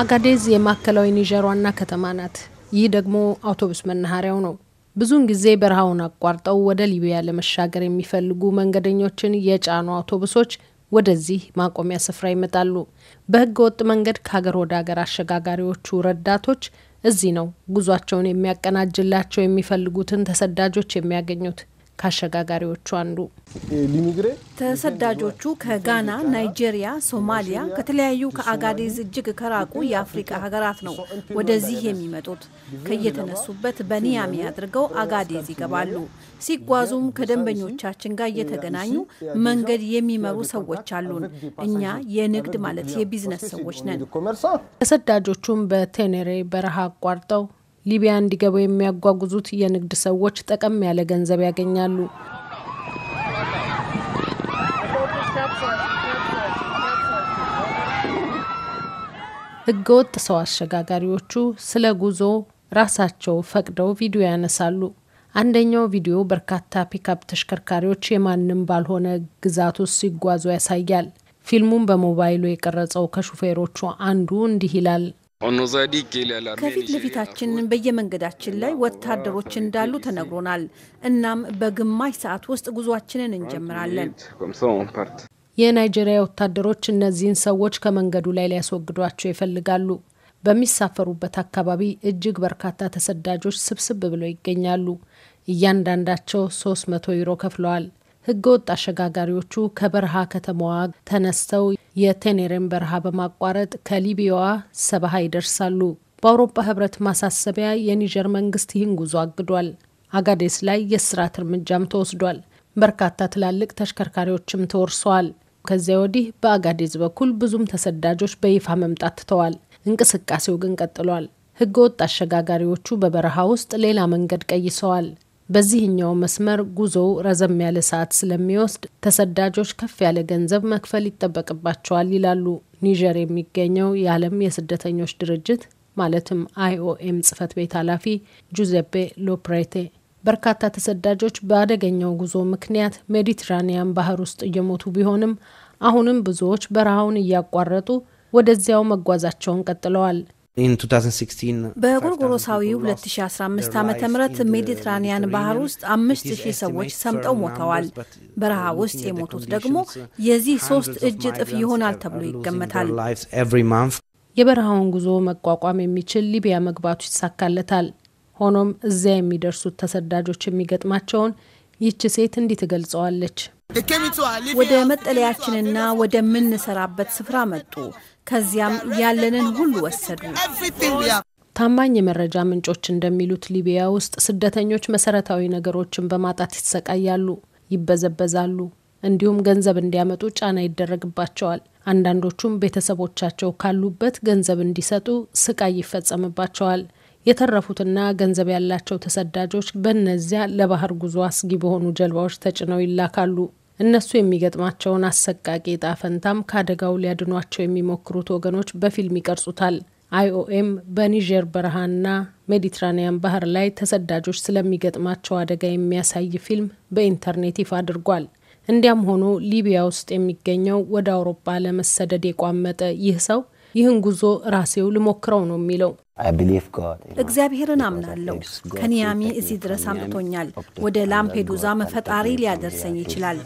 አጋዴዝ የማዕከላዊ ኒጀር ዋና ከተማ ናት። ይህ ደግሞ አውቶቡስ መናኸሪያው ነው። ብዙውን ጊዜ በረሃውን አቋርጠው ወደ ሊቢያ ለመሻገር የሚፈልጉ መንገደኞችን የጫኑ አውቶቡሶች ወደዚህ ማቆሚያ ስፍራ ይመጣሉ። በህገ ወጥ መንገድ ከሀገር ወደ ሀገር አሸጋጋሪዎቹ ረዳቶች እዚህ ነው ጉዟቸውን የሚያቀናጅላቸው የሚፈልጉትን ተሰዳጆች የሚያገኙት። ከአሸጋጋሪዎቹ አንዱ ተሰዳጆቹ ከጋና፣ ናይጄሪያ፣ ሶማሊያ ከተለያዩ ከአጋዴዝ እጅግ ከራቁ የአፍሪቃ ሀገራት ነው ወደዚህ የሚመጡት። ከየተነሱበት በኒያሚ አድርገው አጋዴዝ ይገባሉ። ሲጓዙም ከደንበኞቻችን ጋር እየተገናኙ መንገድ የሚመሩ ሰዎች አሉን። እኛ የንግድ ማለት የቢዝነስ ሰዎች ነን። ተሰዳጆቹም በቴኔሬ በረሃ አቋርጠው ሊቢያ እንዲገቡ የሚያጓጉዙት የንግድ ሰዎች ጠቀም ያለ ገንዘብ ያገኛሉ። ህገወጥ ሰው አሸጋጋሪዎቹ ስለ ጉዞ ራሳቸው ፈቅደው ቪዲዮ ያነሳሉ። አንደኛው ቪዲዮ በርካታ ፒክአፕ ተሽከርካሪዎች የማንም ባልሆነ ግዛት ውስጥ ሲጓዙ ያሳያል። ፊልሙን በሞባይሉ የቀረጸው ከሹፌሮቹ አንዱ እንዲህ ይላል። ከፊት ለፊታችን በየመንገዳችን ላይ ወታደሮች እንዳሉ ተነግሮናል። እናም በግማሽ ሰዓት ውስጥ ጉዟችንን እንጀምራለን። የናይጄሪያ ወታደሮች እነዚህን ሰዎች ከመንገዱ ላይ ሊያስወግዷቸው ይፈልጋሉ። በሚሳፈሩበት አካባቢ እጅግ በርካታ ተሰዳጆች ስብስብ ብለው ይገኛሉ። እያንዳንዳቸው 300 ዩሮ ከፍለዋል። ህገወጥ አሸጋጋሪዎቹ ከበረሃ ከተማዋ ተነስተው የቴኔሬን በረሃ በማቋረጥ ከሊቢያዋ ሰባሃ ይደርሳሉ። በአውሮፓ ህብረት ማሳሰቢያ የኒጀር መንግስት ይህን ጉዞ አግዷል። አጋዴስ ላይ የእስራት እርምጃም ተወስዷል። በርካታ ትላልቅ ተሽከርካሪዎችም ተወርሰዋል። ከዚያ ወዲህ በአጋዴዝ በኩል ብዙም ተሰዳጆች በይፋ መምጣት ትተዋል። እንቅስቃሴው ግን ቀጥሏል። ህገወጥ አሸጋጋሪዎቹ በበረሃ ውስጥ ሌላ መንገድ ቀይሰዋል። በዚህኛው መስመር ጉዞው ረዘም ያለ ሰዓት ስለሚወስድ ተሰዳጆች ከፍ ያለ ገንዘብ መክፈል ይጠበቅባቸዋል ይላሉ ኒጀር የሚገኘው የዓለም የስደተኞች ድርጅት ማለትም አይኦኤም ጽህፈት ቤት ኃላፊ ጁዜፔ ሎፕሬቴ። በርካታ ተሰዳጆች በአደገኛው ጉዞ ምክንያት ሜዲትራኒያን ባህር ውስጥ እየሞቱ ቢሆንም አሁንም ብዙዎች በረሃውን እያቋረጡ ወደዚያው መጓዛቸውን ቀጥለዋል። በጎርጎሮሳዊ 2015 ዓ ም ሜዲትራኒያን ባህር ውስጥ 5000 ሰዎች ሰምጠው ሞተዋል። uh, በረሃ ውስጥ የሞቱት ደግሞ uh, የዚህ ሶስት እጅ እጥፍ ይሆናል ተብሎ ይገመታል። የበረሃውን ጉዞ መቋቋም የሚችል ሊቢያ መግባቱ ይሳካለታል። ሆኖም እዚያ የሚደርሱት ተሰዳጆች የሚገጥማቸውን ይቺ ሴት እንዲህ ትገልጸዋለች። ወደ መጠለያችንና ወደምንሰራበት ስፍራ መጡ። ከዚያም ያለንን ሁሉ ወሰዱ። ታማኝ የመረጃ ምንጮች እንደሚሉት ሊቢያ ውስጥ ስደተኞች መሰረታዊ ነገሮችን በማጣት ይሰቃያሉ፣ ይበዘበዛሉ፣ እንዲሁም ገንዘብ እንዲያመጡ ጫና ይደረግባቸዋል። አንዳንዶቹም ቤተሰቦቻቸው ካሉበት ገንዘብ እንዲሰጡ ስቃይ ይፈጸምባቸዋል። የተረፉትና ገንዘብ ያላቸው ተሰዳጆች በእነዚያ ለባህር ጉዞ አስጊ በሆኑ ጀልባዎች ተጭነው ይላካሉ። እነሱ የሚገጥማቸውን አሰቃቂ ዕጣ ፈንታም ከአደጋው ሊያድኗቸው የሚሞክሩት ወገኖች በፊልም ይቀርጹታል። አይኦኤም በኒጀር በረሃና ሜዲትራኒያን ባህር ላይ ተሰዳጆች ስለሚገጥማቸው አደጋ የሚያሳይ ፊልም በኢንተርኔት ይፋ አድርጓል። እንዲያም ሆኖ ሊቢያ ውስጥ የሚገኘው ወደ አውሮፓ ለመሰደድ የቋመጠ ይህ ሰው ይህን ጉዞ ራሴው ልሞክረው ነው የሚለው። እግዚአብሔርን አምናለሁ። ከኒያሚ እዚህ ድረስ አምጥቶኛል። ወደ ላምፔዱዛ መፈጣሪ ሊያደርሰኝ ይችላል።